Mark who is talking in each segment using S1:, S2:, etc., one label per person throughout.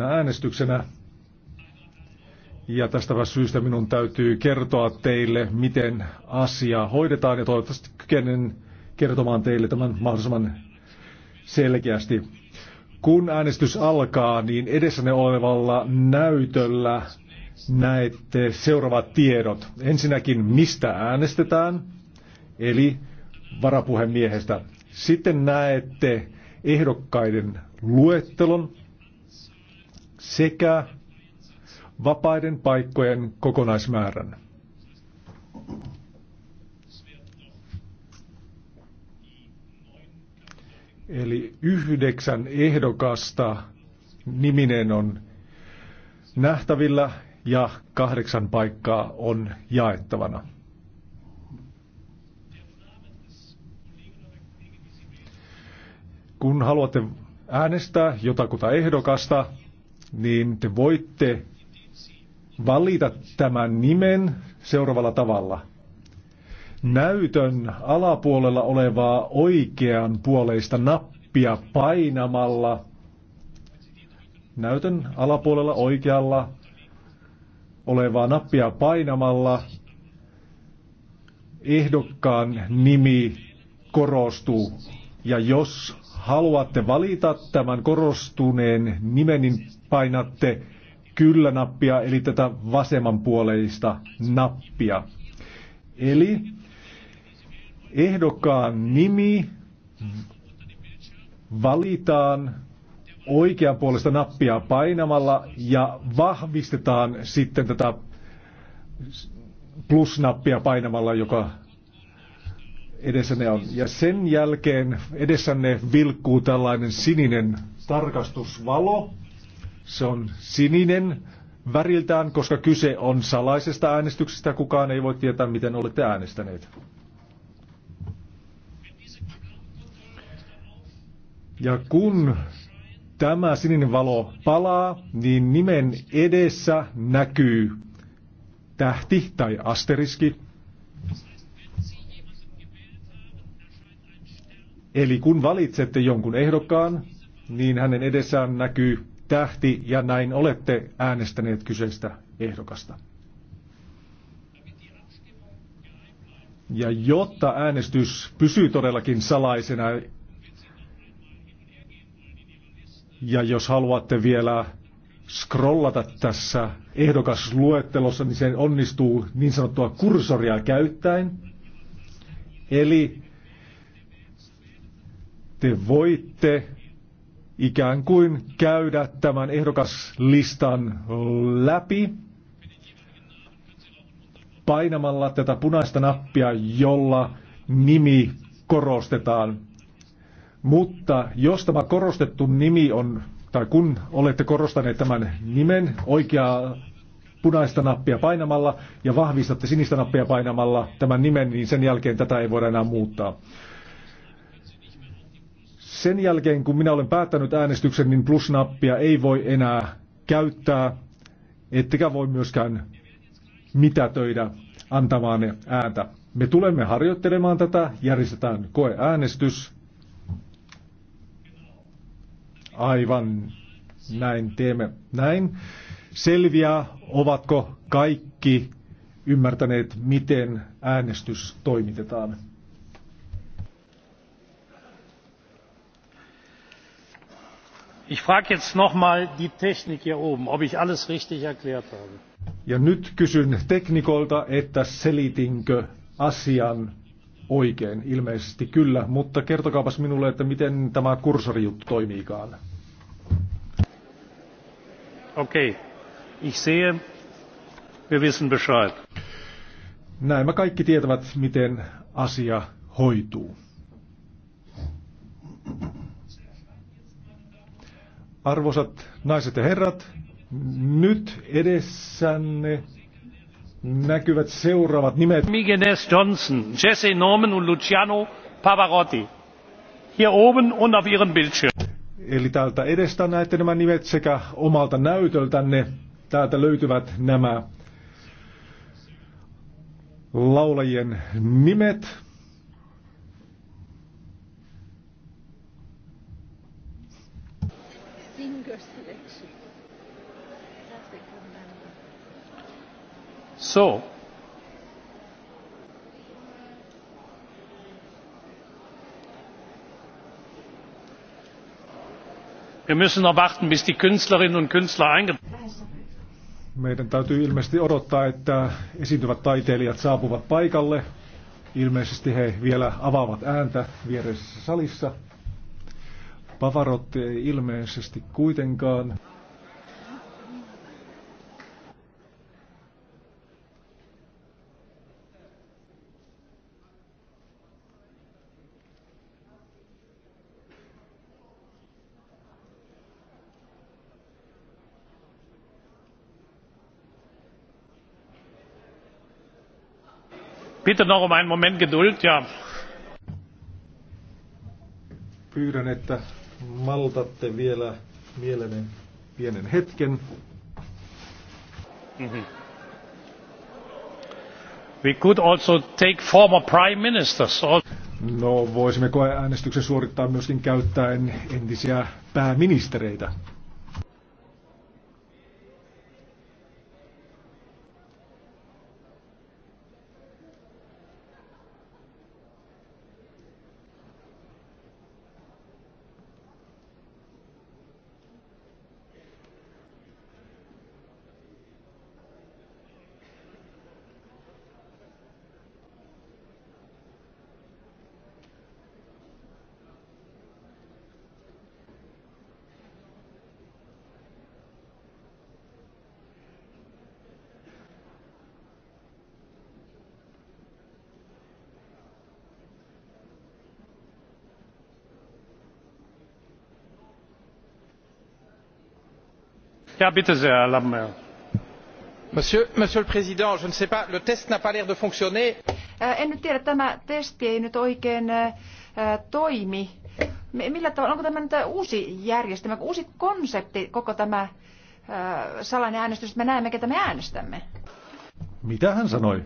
S1: yhtenä äänestyksenä. Ja tästä syystä minun täytyy kertoa teille, miten asia hoidetaan ja toivottavasti kykenen kertomaan teille tämän mahdollisimman selkeästi. Kun äänestys alkaa, niin edessäne olevalla näytöllä näette seuraavat tiedot. Ensinnäkin, mistä äänestetään, eli varapuhemiehestä. Sitten näette ehdokkaiden luettelon, sekä vapaiden paikkojen kokonaismäärän. Eli yhdeksän ehdokasta niminen on nähtävillä ja kahdeksan paikkaa on jaettavana. Kun haluatte äänestää jotakuta ehdokasta, niin te voitte valita tämän nimen seuraavalla tavalla. Näytön alapuolella olevaa oikean puoleista nappia painamalla. Näytön alapuolella oikealla olevaa nappia painamalla ehdokkaan nimi korostuu. Ja jos haluatte valita tämän korostuneen nimen, niin painatte kyllä-nappia, eli tätä vasemmanpuoleista nappia. Eli ehdokkaan nimi valitaan oikeanpuolista nappia painamalla ja vahvistetaan sitten tätä plus-nappia painamalla, joka edessänne on. Ja sen jälkeen edessänne vilkkuu tällainen sininen tarkastusvalo. Se on sininen väriltään, koska kyse on salaisesta äänestyksestä. Kukaan ei voi tietää, miten olette äänestäneet. Ja kun tämä sininen valo palaa, niin nimen edessä näkyy tähti tai asteriski. Eli kun valitsette jonkun ehdokkaan, niin hänen edessään näkyy tähti ja näin olette äänestäneet kyseistä ehdokasta. Ja jotta äänestys pysyy todellakin salaisena, ja jos haluatte vielä scrollata tässä ehdokasluettelossa, niin se onnistuu niin sanottua kursoria käyttäen. Eli te voitte ikään kuin käydä tämän ehdokaslistan läpi painamalla tätä punaista nappia, jolla nimi korostetaan. Mutta jos tämä korostettu nimi on, tai kun olette korostaneet tämän nimen oikeaa punaista nappia painamalla ja vahvistatte sinistä nappia painamalla tämän nimen, niin sen jälkeen tätä ei voida enää muuttaa. Sen jälkeen, kun minä olen päättänyt äänestyksen, niin plusnappia ei voi enää käyttää, ettekä voi myöskään mitätöidä antamaan ääntä. Me tulemme harjoittelemaan tätä, järjestetään koeäänestys. Aivan näin teemme näin. Selviä, ovatko kaikki ymmärtäneet, miten äänestys toimitetaan.
S2: ich frage jetzt noch mal die technik hier oben ob ich alles richtig erklärt habe.
S1: ja nyt kysyn teknikolta että selitinkö asian oikein. Ilmeisesti kyllä, mutta kertokaapas minulle, että miten tämä kursorijuttu toimiikaan. Okei. Okay. Ich sehe, wir wissen Bescheid. Näin kaikki tietävät, miten asia hoituu. Arvoisat naiset ja herrat, nyt edessänne näkyvät seuraavat nimet. Migenes Johnson, Jesse Norman und Luciano Pavarotti. Hier oben und auf ihren Bildschirm. Eli täältä edestä näette nämä nimet sekä omalta näytöltänne. Täältä löytyvät nämä laulajien nimet.
S2: So. Wir müssen noch warten, bis die Künstlerinnen und Künstler
S1: Meidän täytyy ilmeisesti odottaa, että esiintyvät taiteilijat saapuvat paikalle. Ilmeisesti he vielä avaavat ääntä viereisessä salissa. Pavarotti ei ilmeisesti kuitenkaan.
S2: bitte noch um einen moment geduld. Ja.
S1: Pyydän, että maltatte vielä mielenne pienen hetken. Mm -hmm.
S2: We could also take former prime ministers.
S1: No, voisimmeko äänestyksen suorittaa myöskin käyttäen entisiä pääministereitä.
S2: monsieur le président je ne sais pas le test n'a pas l'air
S3: de fonctionner. Äh, en nyt tiedä tämä testi ei nyt oikein äh, toimi. Millä tavalla, onko tämä nyt äh, uusi järjestelmä, uusi konsepti koko tämä salainen äänestys, että me näemme ketä me äänestämme?
S1: Mitä hän sanoi?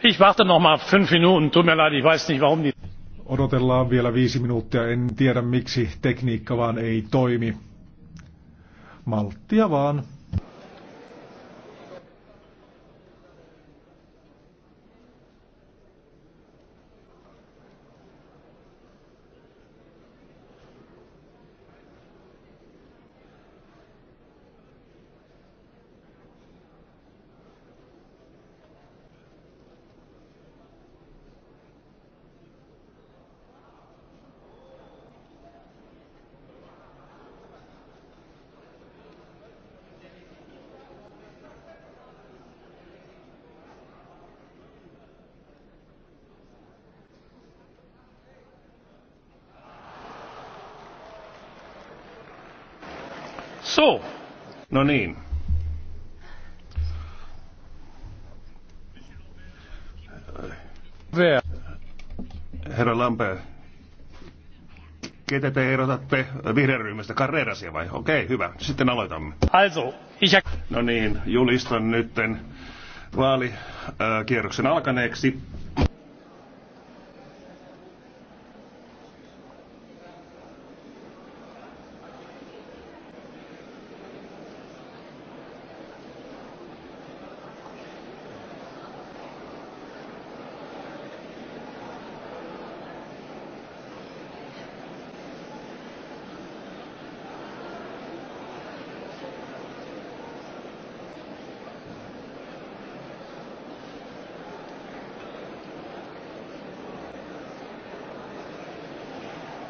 S2: Ich warte noch mal fünf Minuten. Tut mir leid, ich
S1: weiß nicht, warum die... Odotellaan vielä viisi minuuttia. En tiedä, miksi tekniikka vaan ei toimi. Malttia vaan.
S3: So. No niin. Herra Lampe, ketä te erotatte vihreän ryhmästä? Carrerasia vai? Okei, okay, hyvä. Sitten aloitamme. Also, ich... No niin, julistan nytten vaalikierroksen alkaneeksi.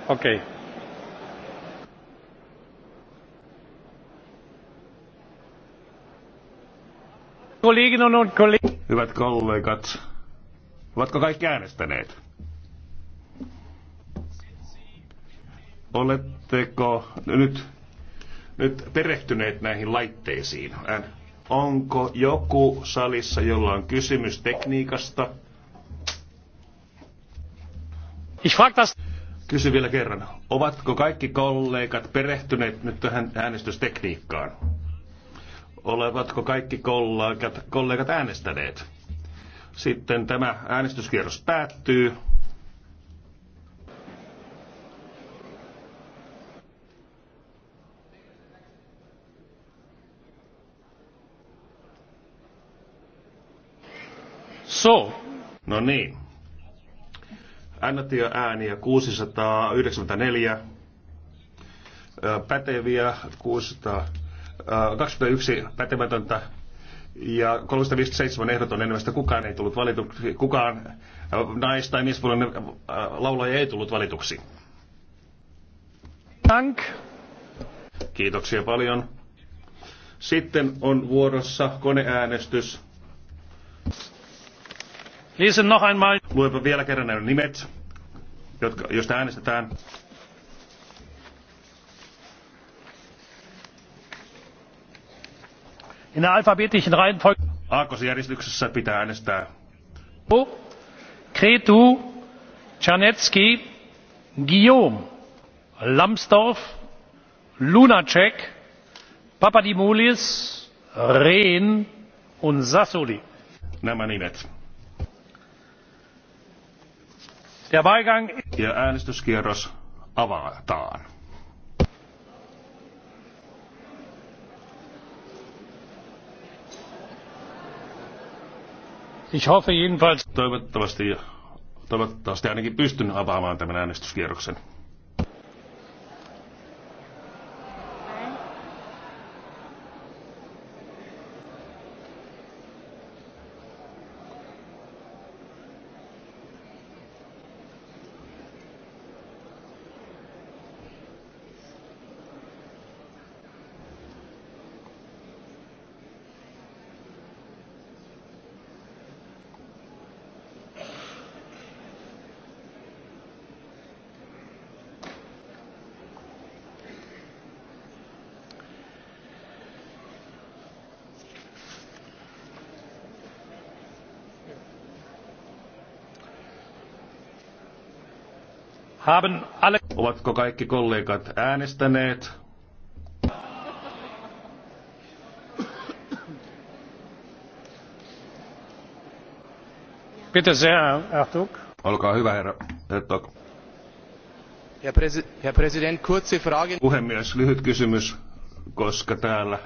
S3: Okay. Hyvät kollegat, ovatko kaikki äänestäneet? Oletteko nyt, nyt perehtyneet näihin laitteisiin? Onko joku salissa, jolla on kysymys tekniikasta? Ich frag das Kysy vielä kerran. Ovatko kaikki kollegat perehtyneet nyt tähän äänestystekniikkaan? Olevatko kaikki kollegat, kollegat äänestäneet? Sitten tämä äänestyskierros päättyy. So. No niin annettuja ääniä 694, päteviä 621 pätemätöntä ja 357 ehdoton enemmistö. kukaan ei tullut valituksi, kukaan nais- tai miespuolinen laulaja ei tullut valituksi. Tank. Kiitoksia paljon. Sitten on vuorossa koneäänestys. Lesen noch einmal. Luepa vielä kerran nämä nimet, jotka, josta äänestetään.
S2: In der alphabetischen Reihenfolge. Aakkosjärjestyksessä pitää äänestää. Kretu, Czarnecki, Guillaume, Lambsdorff, Lunacek, Papadimoulis, Rehn
S3: und Sassoli. Nämä nimet. Der Wahlgang... Ja äänestyskierros avataan. Ich hoffe jedenfalls... Toivottavasti, toivottavasti ainakin pystyn avaamaan tämän äänestyskierroksen. Ovatko kaikki kollegat äänestäneet?
S2: Bitte sehr, Ertug.
S3: Olkaa hyvä, herra Ertug.
S2: Herr Präsident, kurze Frage. Puhemies,
S3: lyhyt kysymys, koska täällä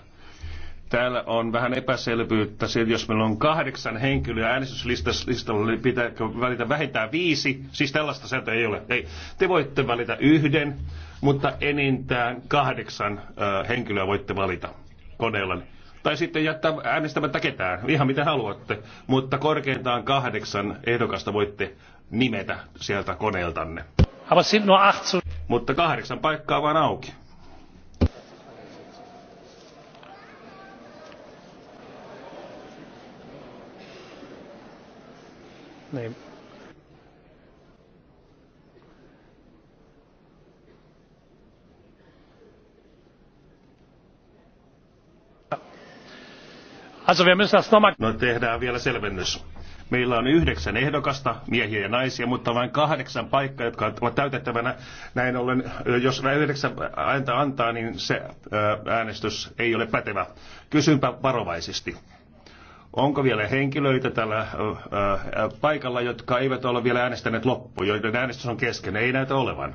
S3: Täällä on vähän epäselvyyttä siitä, jos meillä on kahdeksan henkilöä äänestyslistalla, niin pitääkö valita vähintään viisi? Siis tällaista sieltä ei ole. Ei. Te voitte valita yhden, mutta enintään kahdeksan ö, henkilöä voitte valita koneella. Tai sitten jättää äänestämättä ketään, ihan mitä haluatte. Mutta korkeintaan kahdeksan ehdokasta voitte nimetä sieltä koneeltanne. Mutta kahdeksan paikkaa vaan auki. name. Niin. No tehdään vielä selvennys. Meillä on yhdeksän ehdokasta, miehiä ja naisia, mutta vain kahdeksan paikkaa, jotka ovat täytettävänä. Näin ollen, jos nämä yhdeksän ääntä antaa, niin se äänestys ei ole pätevä. Kysynpä varovaisesti. Onko vielä henkilöitä äh, paikalla, jotka eivät ole vielä äänestäneet loppuun, joiden äänestys on kesken? Ei näytä olevan.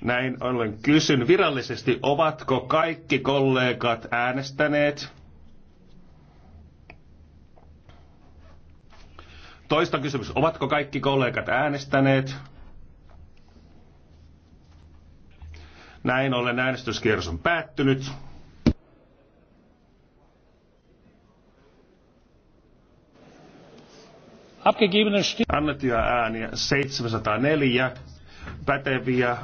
S3: Näin ollen kysyn virallisesti, ovatko kaikki kollegat äänestäneet? Toista kysymys, ovatko kaikki kollegat äänestäneet? Näin ollen äänestyskierros on päättynyt. Annettuja ääniä 704, päteviä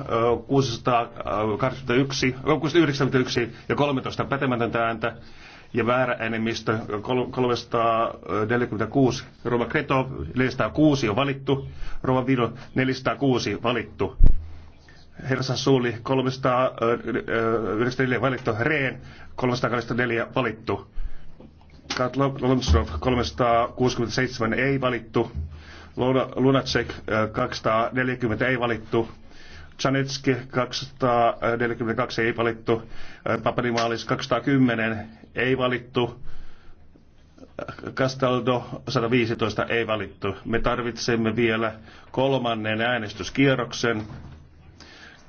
S3: 681, 691 ja 13 pätemätöntä ääntä ja väärä enemmistö 346. Rova Kreto 406 on valittu, Rova Vino 406 valittu. Hersa Suuli 394 valittu, Reen 384 valittu. Lomstrov 367 ei valittu, Lunacek 240 äh, ei valittu, Chanetski 242 ei valittu, äh, Papadimaalis 210 ei valittu, äh, Castaldo 115 ei valittu. Me tarvitsemme vielä kolmannen äänestyskierroksen.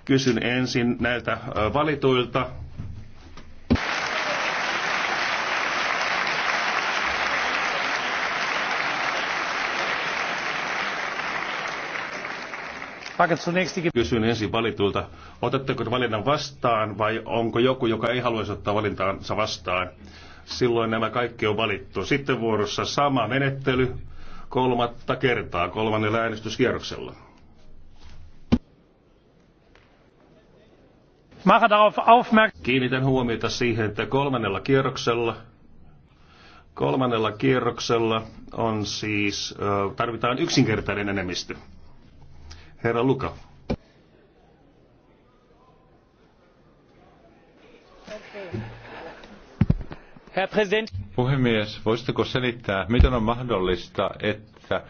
S3: Kysyn ensin näiltä valituilta. Kysyn ensin valitulta, otatteko valinnan vastaan vai onko joku, joka ei haluaisi ottaa valintaansa vastaan? Silloin nämä kaikki on valittu. Sitten vuorossa sama menettely kolmatta kertaa kolmannella äänestyskierroksella. Kiinnitän huomiota siihen, että kolmannella kierroksella Kolmannella kierroksella on siis, tarvitaan yksinkertainen enemmistö. Herra Luka.
S2: Herr
S1: Puhemies, voisitteko selittää, miten on mahdollista, että